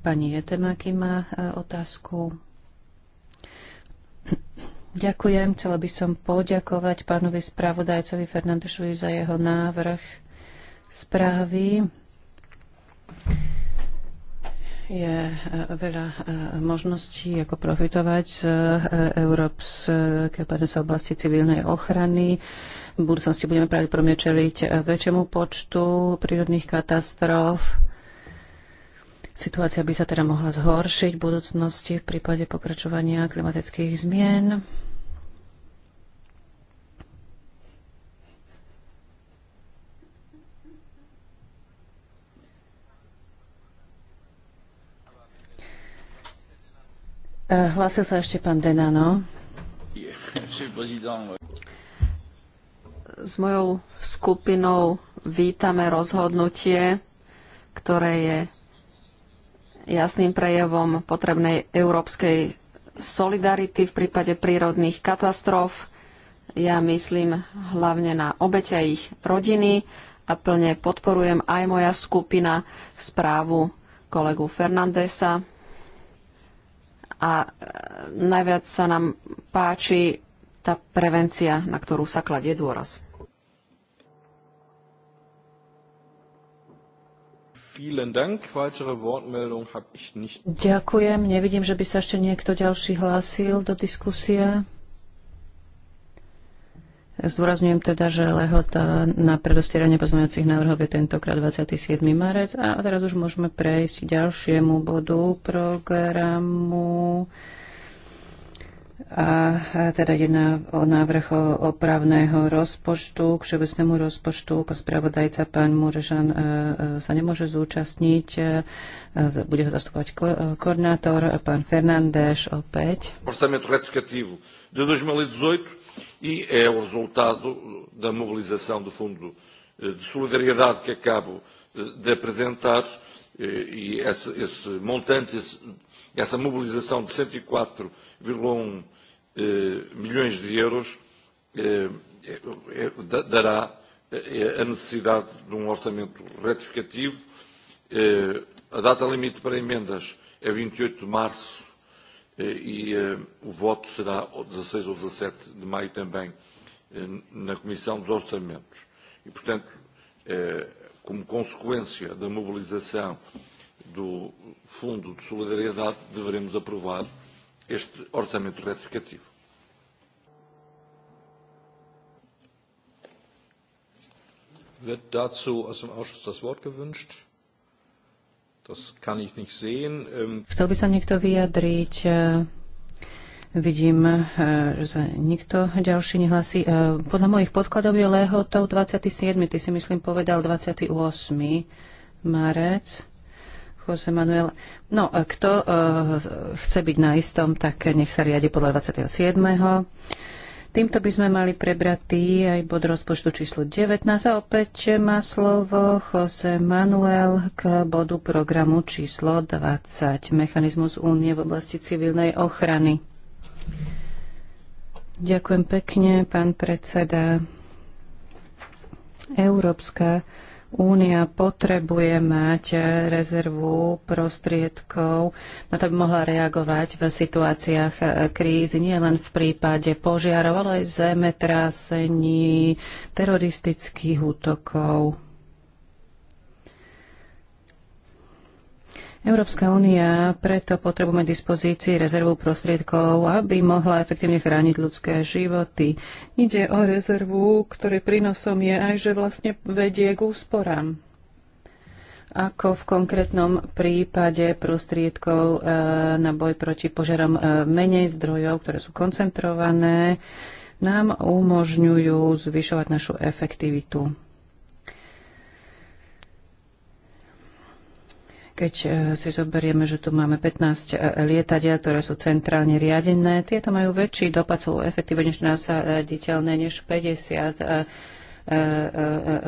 Pani Jetemaky má e, otázku. Ďakujem. Chcela by som poďakovať pánovi spravodajcovi Fernandešovi za jeho návrh správy. Je e, veľa e, možností, ako profitovať z Európskej oblasti civilnej ochrany v budúcnosti budeme pravdepodobne čeliť eh, väčšiemu počtu prírodných katastrof. Situácia by sa teda mohla zhoršiť v budúcnosti v prípade pokračovania klimatických zmien. Eh, hlásil sa ešte pán Denano s mojou skupinou vítame rozhodnutie, ktoré je jasným prejavom potrebnej európskej solidarity v prípade prírodných katastrof. Ja myslím hlavne na obete ich rodiny a plne podporujem aj moja skupina správu kolegu Fernandesa. A e, najviac sa nám páči tá prevencia, na ktorú sa kladie dôraz. Ďakujem. Nevidím, že by sa ešte niekto ďalší hlásil do diskusie. Zdôrazňujem teda, že lehota na predostieranie pozmeňovacích návrhov je tentokrát 27. marec. A teraz už môžeme prejsť k ďalšiemu bodu programu a teda jedná o návrh opravného rozpočtu k všeobecnému rozpočtu. Spravodajca pán Murežan e, e, sa nemôže zúčastniť, e, bude ho zastupovať koordinátor, pán Fernández opäť. Orçamento retificativo de 2018 e é o resultado da mobilização do Fundo de Solidariedade que acabo de apresentar e esse, esse montante, esse, essa mobilização de 104,1 E, milhões de euros e, e, dará a necessidade de um orçamento retificativo. A data limite para emendas é 28 de março e o voto será 16 ou 17 de maio também na Comissão dos Orçamentos. E, portanto, como consequência da mobilização do Fundo de Solidariedade, deveremos aprovar este orçamento retificativo. Wird dazu aus dem Ausschuss das Wort gewünscht? Das kann ich nicht sehen. Ähm, Chcel by sa niekto vyjadriť. Äh, vidím, äh, že sa nikto ďalší nehlasí. Äh, podľa mojich podkladov je lehotou 27. Ty si myslím povedal 28. marec. Jose Manuel. No, kto uh, chce byť na istom, tak nech sa riadi podľa 27. Týmto by sme mali prebratý aj bod rozpočtu číslo 19 a opäť má slovo Jose Manuel k bodu programu číslo 20. Mechanizmus únie v oblasti civilnej ochrany. Ďakujem pekne, pán predseda. Európska Únia potrebuje mať rezervu prostriedkov na to, by mohla reagovať v situáciách krízy, nie len v prípade požiarov, ale aj zemetrasení, teroristických útokov. Európska únia preto potrebujeme dispozícii rezervu prostriedkov, aby mohla efektívne chrániť ľudské životy. Ide o rezervu, ktorý prínosom je aj, že vlastne vedie k úsporám ako v konkrétnom prípade prostriedkov e, na boj proti požiarom e, menej zdrojov, ktoré sú koncentrované, nám umožňujú zvyšovať našu efektivitu. Keď e, si zoberieme, že tu máme 15 e, lietadiel, ktoré sú centrálne riadené, tieto majú väčší dopad, sú efektívnejšie nasaditeľné než 50 e,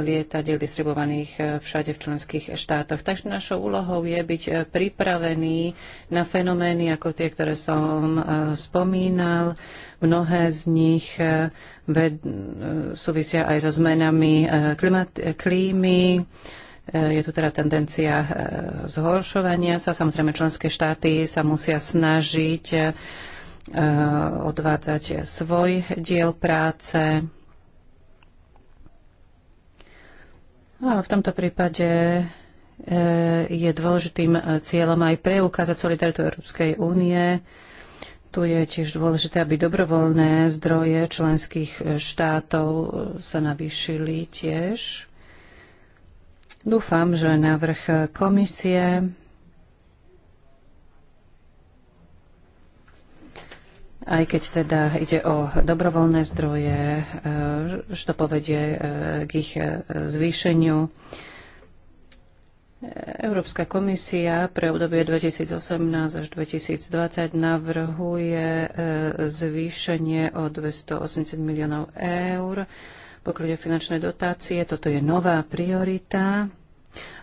lietadiel distribuovaných všade v členských štátoch. Takže našou úlohou je byť pripravený na fenomény ako tie, ktoré som spomínal. Mnohé z nich súvisia aj so zmenami klímy, E, je tu teda tendencia e, zhoršovania sa. Samozrejme, členské štáty sa musia snažiť e, odvádzať svoj diel práce. No, ale v tomto prípade je dôležitým cieľom aj preukázať solidaritu Európskej únie. Tu je tiež dôležité, aby dobrovoľné zdroje členských štátov sa navýšili tiež. Dúfam, že návrh komisie aj keď teda ide o dobrovoľné zdroje, e, že to povedie e, k ich e, zvýšeniu. Európska komisia pre obdobie 2018 až 2020 navrhuje zvýšenie o 280 miliónov eur pokryť finančné dotácie. Toto je nová priorita.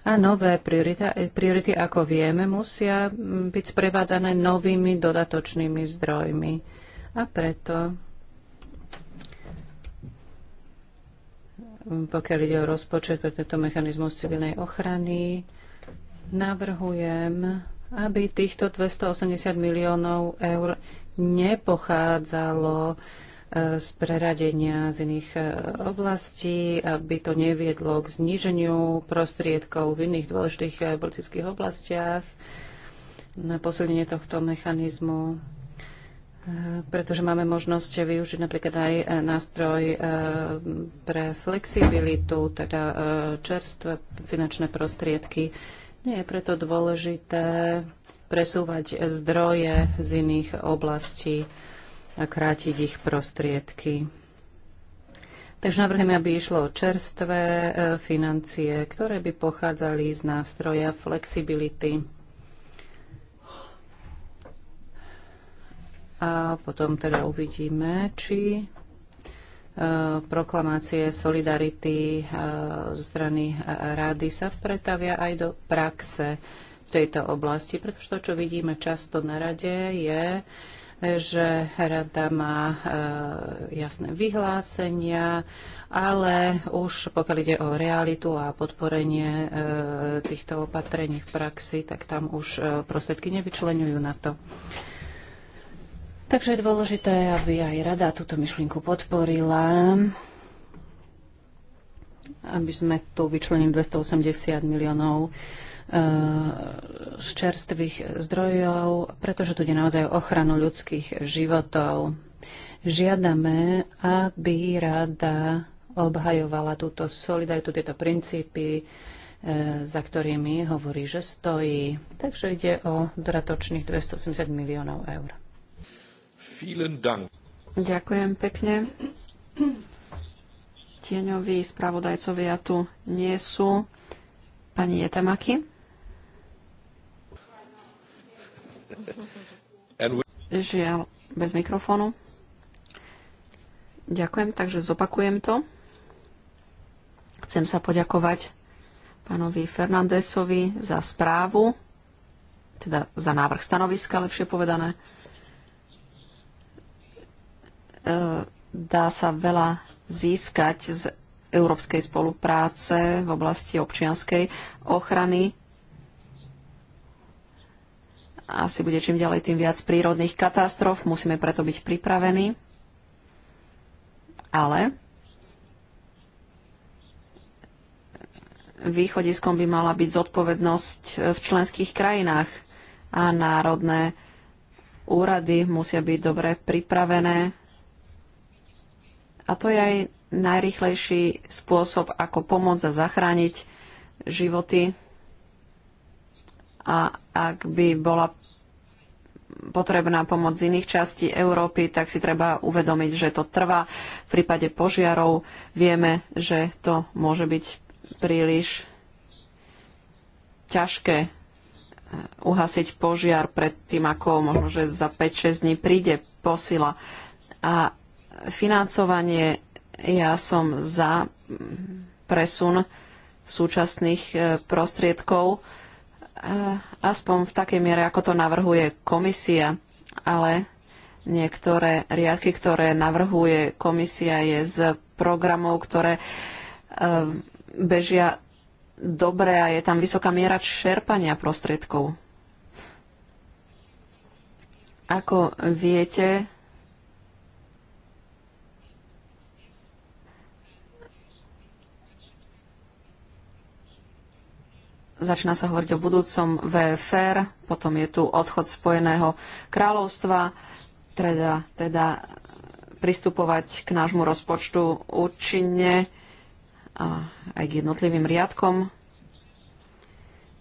A nové priorita, priority, ako vieme, musia byť sprevádzané novými dodatočnými zdrojmi. A preto, pokiaľ ide o rozpočet pre tento mechanizmus civilnej ochrany, navrhujem, aby týchto 280 miliónov eur nepochádzalo z preradenia z iných e, oblastí, aby to neviedlo k zníženiu prostriedkov v iných dôležitých e, politických oblastiach na posilnenie tohto mechanizmu, e, pretože máme možnosť využiť napríklad aj nástroj pre flexibilitu, teda čerstvé finančné prostriedky. Nie je preto dôležité presúvať zdroje z iných oblastí a krátiť ich prostriedky. Takže navrhujeme, aby išlo o čerstvé e, financie, ktoré by pochádzali z nástroja flexibility. A potom teda uvidíme, či e, proklamácie solidarity e, zo strany rády sa vpretavia aj do praxe v tejto oblasti, pretože to, čo vidíme často na rade, je že rada má e, jasné vyhlásenia, ale už pokiaľ ide o realitu a podporenie e, týchto opatrení v praxi, tak tam už e, prostriedky nevyčlenujú na to. Takže je dôležité, aby aj rada túto myšlienku podporila aby sme tu vyčlenili 280 miliónov Eh, z čerstvých zdrojov, pretože tu ide naozaj o ochranu ľudských životov. Žiadame, aby rada obhajovala túto solidaritu, tieto princípy, eh, za ktorými hovorí, že stojí. Takže ide o dodatočných 280 miliónov eur. Ďakujem pekne. Tieňoví spravodajcovia tu nie sú. Pani Jetemaki. Žiaľ, bez mikrofónu. Ďakujem, takže zopakujem to. Chcem sa poďakovať pánovi Fernandesovi za správu, teda za návrh stanoviska, lepšie povedané. E, dá sa veľa získať z európskej spolupráce v oblasti občianskej ochrany asi bude čím ďalej tým viac prírodných katastrof, musíme preto byť pripravení. Ale východiskom by mala byť zodpovednosť v členských krajinách a národné úrady musia byť dobre pripravené. A to je aj najrychlejší spôsob, ako pomôcť a zachrániť životy a ak by bola potrebná pomoc z iných častí Európy, tak si treba uvedomiť, že to trvá. V prípade požiarov vieme, že to môže byť príliš ťažké eh, uhasiť požiar pred tým, ako možno, že za 5-6 dní príde posila. A financovanie, ja som za mm, presun súčasných eh, prostriedkov Eh, aspoň v takej miere, ako to navrhuje komisia, ale niektoré riadky, ktoré navrhuje komisia, je z programov, ktoré eh, bežia dobre a je tam vysoká miera čerpania prostriedkov. Ako viete, Začína sa hovoriť o budúcom VFR, potom je tu odchod Spojeného kráľovstva, teda, teda pristupovať k nášmu rozpočtu účinne a aj k jednotlivým riadkom.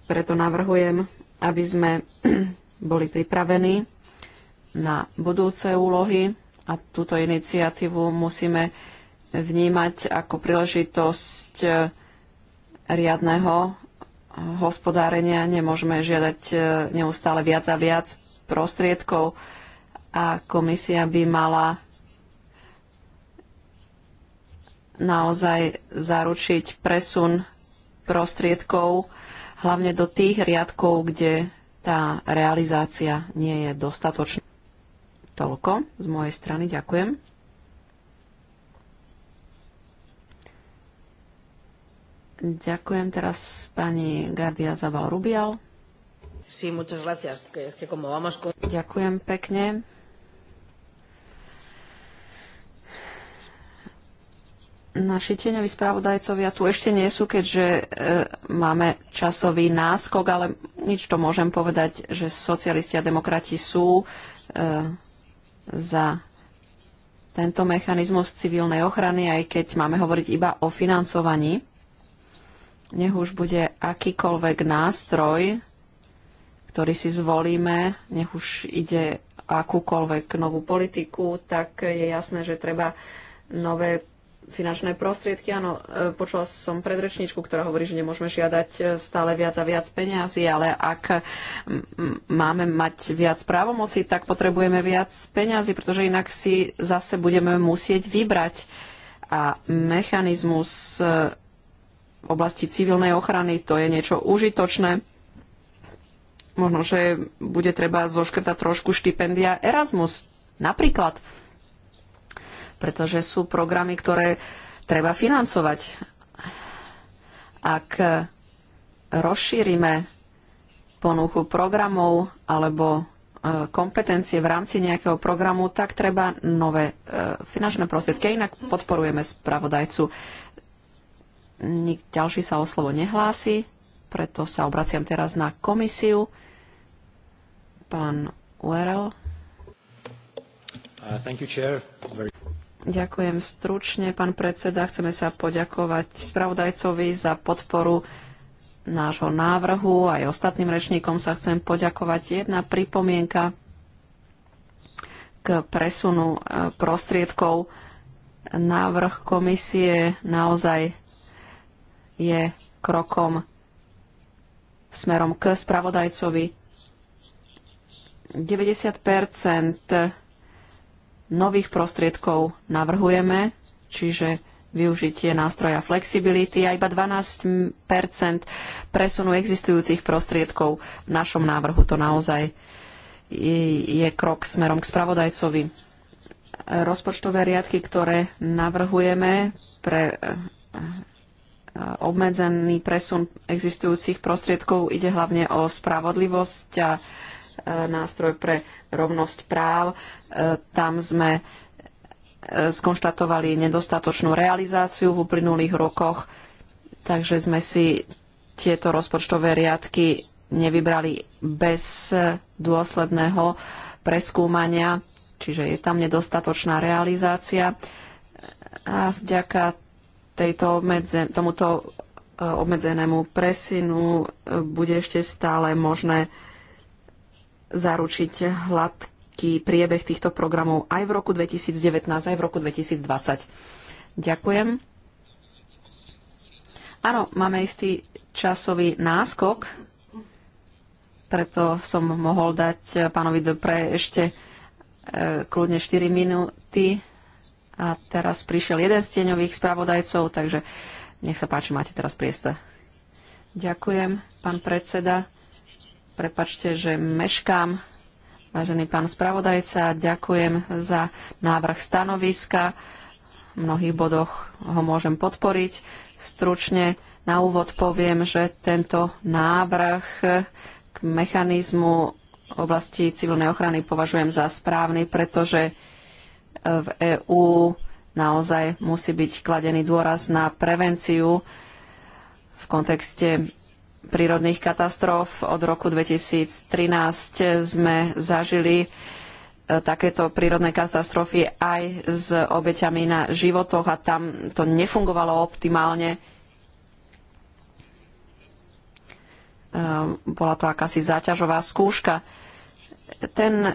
Preto navrhujem, aby sme boli pripravení na budúce úlohy a túto iniciatívu musíme vnímať ako príležitosť riadného hospodárenia nemôžeme žiadať e, neustále viac a viac prostriedkov a komisia by mala naozaj zaručiť presun prostriedkov hlavne do tých riadkov, kde tá realizácia nie je dostatočná. Toľko z mojej strany. Ďakujem. Ďakujem teraz pani Gardia Zabal Rubial. Sí, muchas gracias. Es que como vamos con... Ďakujem pekne. naši tieňoví spravodajcovia tu ešte nie sú, keďže e, máme časový náskok, ale nič to môžem povedať, že socialisti a demokrati sú e, za tento mechanizmus civilnej ochrany, aj keď máme hovoriť iba o financovaní nech už bude akýkoľvek nástroj, ktorý si zvolíme, nech už ide akúkoľvek novú politiku, tak je jasné, že treba nové finančné prostriedky. Áno, e, počula som predrečníčku, ktorá hovorí, že nemôžeme žiadať e, stále viac a viac peňazí, ale ak máme mať viac právomocí, tak potrebujeme viac peňazí, pretože inak si zase budeme musieť vybrať. A mechanizmus e, v oblasti civilnej ochrany. To je niečo užitočné. Možno, že bude treba zoškrtať trošku štipendia Erasmus napríklad, pretože sú programy, ktoré treba financovať. Ak rozšírime ponuchu programov alebo e, kompetencie v rámci nejakého programu, tak treba nové e, finančné prostriedky. Inak podporujeme spravodajcu. Nik ďalší sa o slovo nehlási, preto sa obraciam teraz na komisiu. Pán URL. Uh, you, Very... Ďakujem stručne, pán predseda. Chceme sa poďakovať spravodajcovi za podporu nášho návrhu. Aj ostatným rečníkom sa chcem poďakovať. Jedna pripomienka k presunu uh, prostriedkov. Návrh komisie naozaj je krokom smerom k spravodajcovi. 90 nových prostriedkov navrhujeme, čiže využitie nástroja flexibility a iba 12 presunu existujúcich prostriedkov v našom návrhu. To naozaj je krok smerom k spravodajcovi. Rozpočtové riadky, ktoré navrhujeme pre obmedzený presun existujúcich prostriedkov. Ide hlavne o spravodlivosť a e, nástroj pre rovnosť práv. E, tam sme e, skonštatovali nedostatočnú realizáciu v uplynulých rokoch, takže sme si tieto rozpočtové riadky nevybrali bez dôsledného preskúmania, čiže je tam nedostatočná realizácia. A vďaka tejto medze, tomuto e, obmedzenému presinu e, bude ešte stále možné zaručiť hladký priebeh týchto programov aj v roku 2019, aj v roku 2020. Ďakujem. Áno, máme istý časový náskok, preto som mohol dať pánovi Dopre ešte e, kľudne 4 minúty a teraz prišiel jeden z tieňových spravodajcov, takže nech sa páči, máte teraz priestor. Ďakujem, pán predseda. Prepačte, že meškám. Vážený pán spravodajca, ďakujem za návrh stanoviska. V mnohých bodoch ho môžem podporiť. Stručne na úvod poviem, že tento návrh k mechanizmu oblasti civilnej ochrany považujem za správny, pretože v EÚ naozaj musí byť kladený dôraz na prevenciu v kontexte prírodných katastrof. Od roku 2013 sme zažili e, takéto prírodné katastrofy aj s obeťami na životoch a tam to nefungovalo optimálne. E, bola to akási záťažová skúška. Ten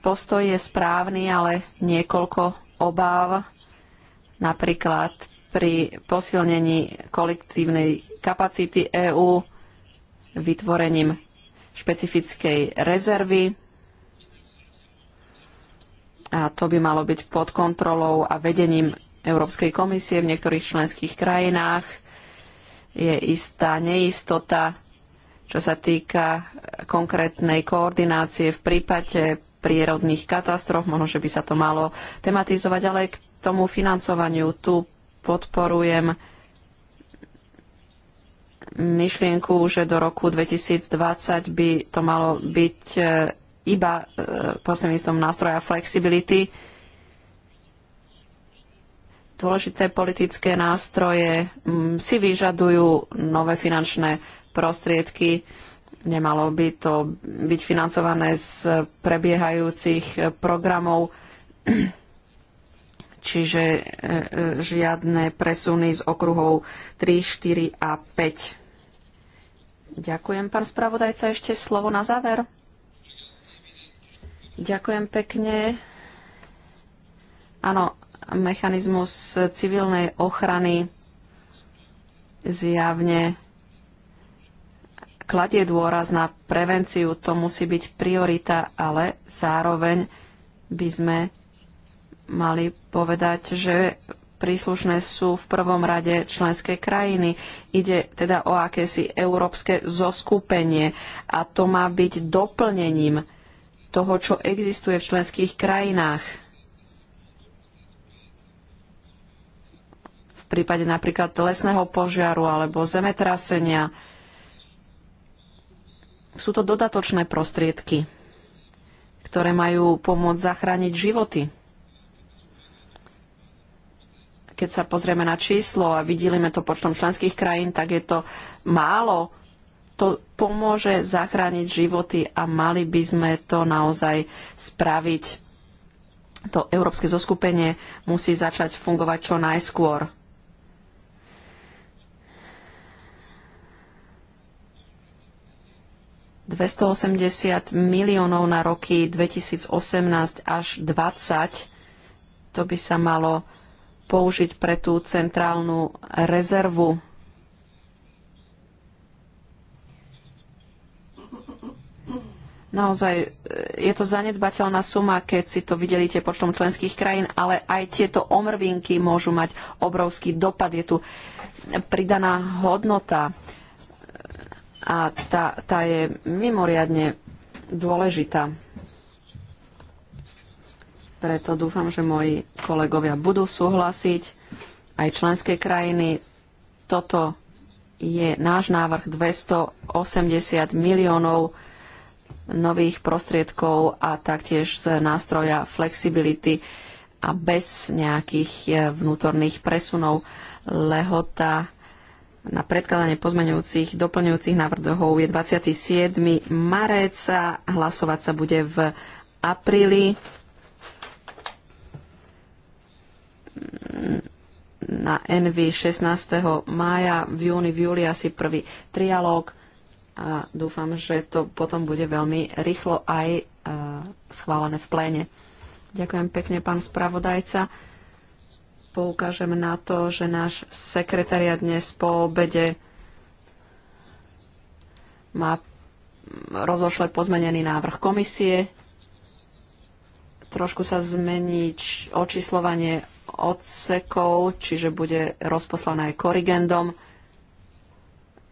postoj je správny, ale niekoľko obáv, napríklad pri posilnení kolektívnej kapacity EÚ vytvorením špecifickej rezervy. A to by malo byť pod kontrolou a vedením Európskej komisie v niektorých členských krajinách. Je istá neistota, čo sa týka konkrétnej koordinácie v prípade prírodných katastrof. Možno, že by sa to malo tematizovať, ale aj k tomu financovaniu tu podporujem myšlienku, že do roku 2020 by to malo byť e, iba e, posledným nástroja flexibility. Dôležité politické nástroje mm, si vyžadujú nové finančné prostriedky Nemalo by to byť financované z prebiehajúcich programov, čiže e, e, žiadne presuny z okruhov 3, 4 a 5. Ďakujem, pán spravodajca. Ešte slovo na záver. Ďakujem pekne. Áno, mechanizmus civilnej ochrany zjavne kladie dôraz na prevenciu, to musí byť priorita, ale zároveň by sme mali povedať, že príslušné sú v prvom rade členské krajiny. Ide teda o akési európske zoskupenie a to má byť doplnením toho, čo existuje v členských krajinách. V prípade napríklad lesného požiaru alebo zemetrasenia sú to dodatočné prostriedky, ktoré majú pomôcť zachrániť životy. Keď sa pozrieme na číslo a vidíme to počtom členských krajín, tak je to málo. To pomôže zachrániť životy a mali by sme to naozaj spraviť. To európske zoskupenie musí začať fungovať čo najskôr 280 miliónov na roky 2018 až 2020. To by sa malo použiť pre tú centrálnu rezervu. Naozaj e, je to zanedbateľná suma, keď si to videlíte počtom členských krajín, ale aj tieto omrvinky môžu mať obrovský dopad. Je tu pridaná hodnota a tá, tá je mimoriadne dôležitá. Preto dúfam, že moji kolegovia budú súhlasiť, aj členské krajiny. Toto je náš návrh 280 miliónov nových prostriedkov a taktiež z nástroja flexibility a bez nejakých eh, vnútorných presunov lehota na predkladanie pozmeňujúcich, doplňujúcich návrhov je 27. marec a hlasovať sa bude v apríli. Na NV 16. mája, v júni, v júli asi prvý trialóg a dúfam, že to potom bude veľmi rýchlo aj e, schválené v pléne. Ďakujem pekne, pán spravodajca poukážem na to, že náš sekretariat dnes po obede má rozošle pozmenený návrh komisie. Trošku sa zmení očíslovanie odsekov, čiže bude rozposlané aj korigendom.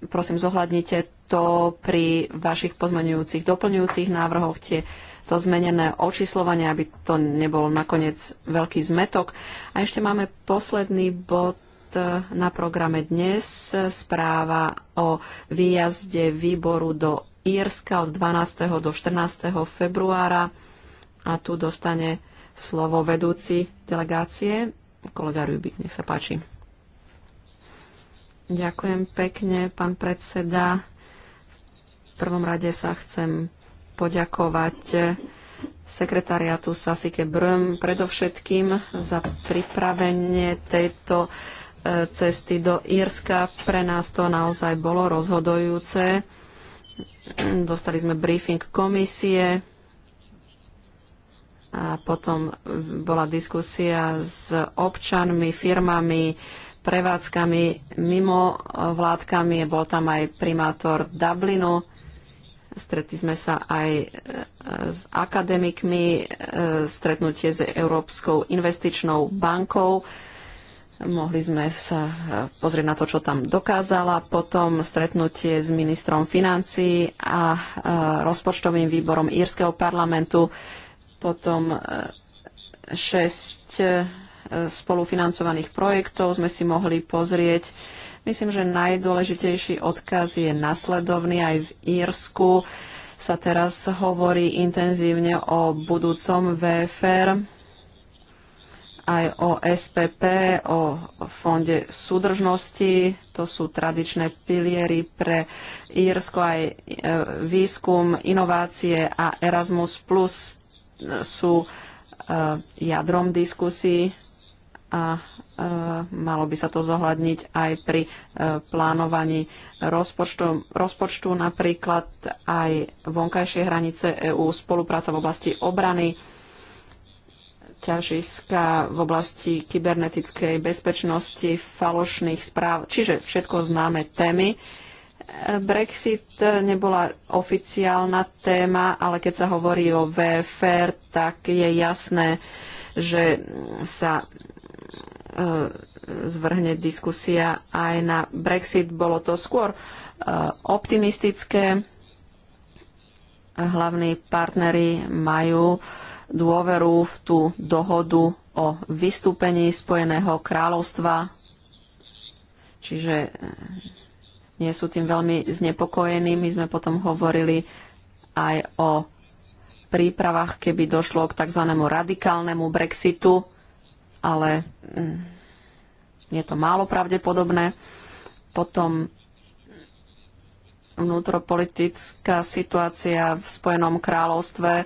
Prosím, zohľadnite to pri vašich pozmenujúcich, doplňujúcich návrhoch. Tie to zmenené očíslovanie, aby to nebol nakoniec veľký zmetok. A ešte máme posledný bod e, na programe dnes. Správa o výjazde výboru do Írska od 12. do 14. februára. A tu dostane slovo vedúci delegácie. Kolega Rubik, nech sa páči. Ďakujem pekne, pán predseda. V prvom rade sa chcem poďakovať sekretariatu Sasike Brum predovšetkým za pripravenie tejto e, cesty do Írska. Pre nás to naozaj bolo rozhodujúce. Dostali sme briefing komisie a potom bola diskusia s občanmi, firmami, prevádzkami, mimo vládkami. Bol tam aj primátor Dublinu Stretli sme sa aj e, s akademikmi, e, stretnutie s Európskou investičnou bankou. Mohli sme sa e, pozrieť na to, čo tam dokázala. Potom stretnutie s ministrom financí a rozpočtovým výborom Írskeho parlamentu. Potom šesť spolufinancovaných projektov sme si mohli pozrieť Myslím, že najdôležitejší odkaz je nasledovný aj v Írsku. Sa teraz hovorí intenzívne o budúcom VFR, aj o SPP, o Fonde súdržnosti. To sú tradičné piliery pre Írsko, aj e, výskum, inovácie a Erasmus+. Plus sú e, jadrom diskusí a e, malo by sa to zohľadniť aj pri e, plánovaní rozpočtu, rozpočtu napríklad aj vonkajšie hranice EÚ, spolupráca v oblasti obrany, ťažiska v oblasti kybernetickej bezpečnosti, falošných správ, čiže všetko známe témy. E, Brexit nebola oficiálna téma, ale keď sa hovorí o VFR, tak je jasné, že sa E, zvrhne diskusia aj na Brexit. Bolo to skôr e, optimistické. Hlavní partnery majú dôveru v tú dohodu o vystúpení Spojeného kráľovstva, čiže e, nie sú tým veľmi znepokojení. My sme potom hovorili aj o prípravách, keby došlo k tzv. radikálnemu Brexitu ale mm, je to málo pravdepodobné. Potom vnútropolitická situácia v Spojenom kráľovstve. E,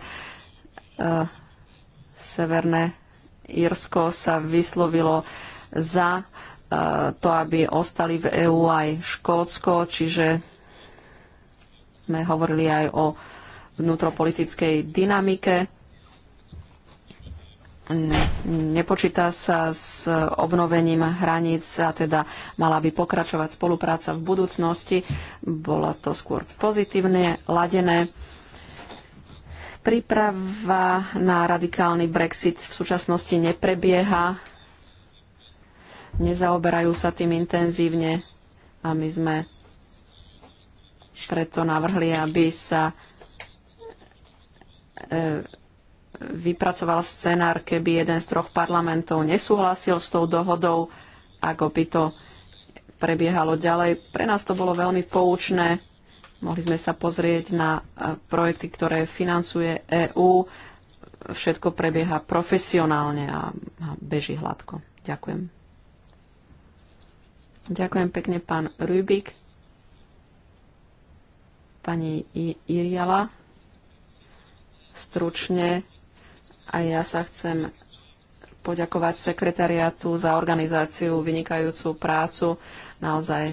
Severné Írsko sa vyslovilo za e, to, aby ostali v EÚ aj Škótsko, čiže sme hovorili aj o vnútropolitickej dynamike nepočíta sa s obnovením hraníc a teda mala by pokračovať spolupráca v budúcnosti. Bolo to skôr pozitívne, ladené. Príprava na radikálny Brexit v súčasnosti neprebieha. Nezaoberajú sa tým intenzívne a my sme preto navrhli, aby sa e, vypracoval scenár, keby jeden z troch parlamentov nesúhlasil s tou dohodou, ako by to prebiehalo ďalej. Pre nás to bolo veľmi poučné. Mohli sme sa pozrieť na e, projekty, ktoré financuje EÚ. Všetko prebieha profesionálne a beží hladko. Ďakujem. Ďakujem pekne, pán Rubik. Pani Iriala stručne a ja sa chcem poďakovať sekretariátu za organizáciu, vynikajúcu prácu. Naozaj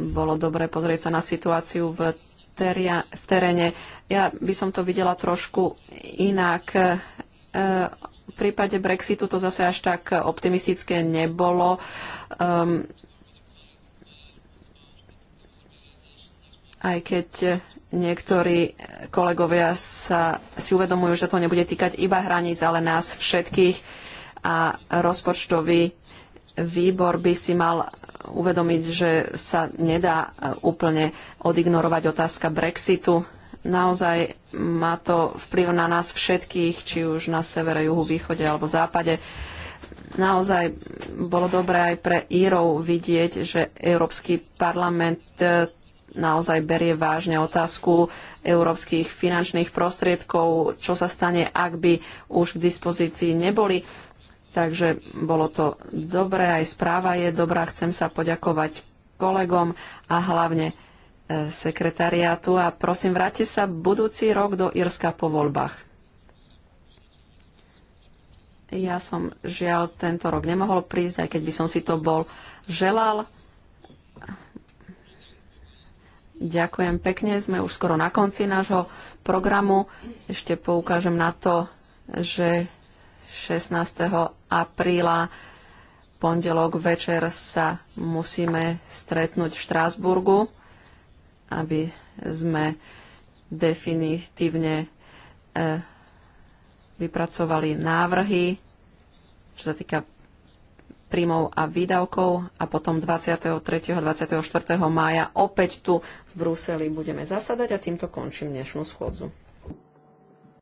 bolo dobre pozrieť sa na situáciu v, teria, v teréne. Ja by som to videla trošku inak. E, v prípade Brexitu to zase až tak optimistické nebolo. Um, aj keď niektorí kolegovia sa, si uvedomujú, že to nebude týkať iba hraníc, ale nás všetkých a rozpočtový výbor by si mal uvedomiť, že sa nedá úplne odignorovať otázka Brexitu. Naozaj má to vplyv na nás všetkých, či už na severe, juhu, východe alebo západe naozaj bolo dobré aj pre Írov vidieť, že Európsky parlament naozaj berie vážne otázku európskych finančných prostriedkov, čo sa stane, ak by už k dispozícii neboli. Takže bolo to dobré, aj správa je dobrá. Chcem sa poďakovať kolegom a hlavne e, sekretariátu a prosím, vráte sa budúci rok do Irska po voľbách. Ja som žiaľ tento rok nemohol prísť, aj keď by som si to bol želal. Ďakujem pekne, sme už skoro na konci nášho programu. Ešte poukážem na to, že 16. apríla pondelok večer sa musíme stretnúť v Štrásburgu, aby sme definitívne eh, vypracovali návrhy, čo sa týka príjmov a výdavkov a potom 23. a 24. mája opäť tu v Bruseli budeme zasadať a týmto končím dnešnú schôdzu.